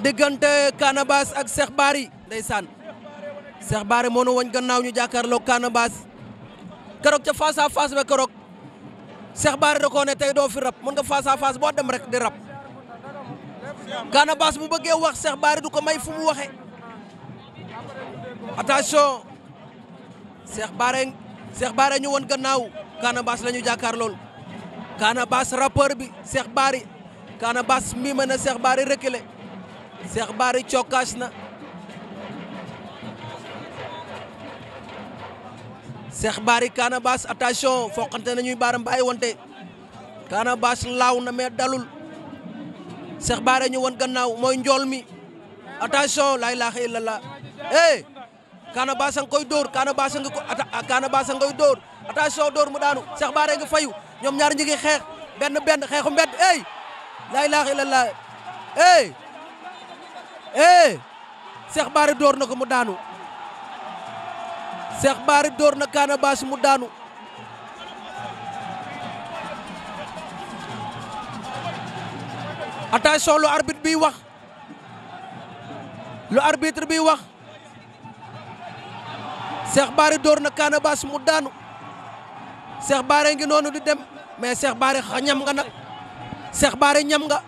diggante Canabasse ak seex baari day saan Cheikh baari moo nu woon gannaaw ñu jàkkaarloog Canabasse keroog ca face à face ba keroog Cheikh Bary da koo ne tey doo fi rab mën nga face à face boo dem rek di rab Canabasse bu bëggee wax seex baari du ko may fu mu waxee attention Cheikh Bary Cheikh ñu woon gannaaw Canabasse la ñu jàkkaarlool Canabasse rappeur bi Cheikh baari Canabasse mime na Cheikh Bary reculé Cheikh Bary cokkaas na Cheikh Bary Canabasse attention foqante ñuy baaram bàyyi wante Canabasse laaw na mais dalul Cheikh Bary ñu won gannaaw mooy njool mi attention la ilaha illallah eh Canabasse a koy dóor Canabasse a ngi ko Canabasse ah, a ngi koy dóor attention dóor mu daanu Cheikh Bary a ngi fayu ñoom ñaar ñi ngi xeex benn benn xeexu mbedd ey eh, laa ilaaha illallah hey hey baari door na ko mu daanu Cheikh baari door na Kaana Baas mu daanu attention lu arbitre bi wax lu arbitre bi wax Cheikh baari door na Kaana Baas mu daanu Cheikh Barre ngi noonu di dem mais Cheikh Barre xañam nga nag Cheikh Bara ñam nga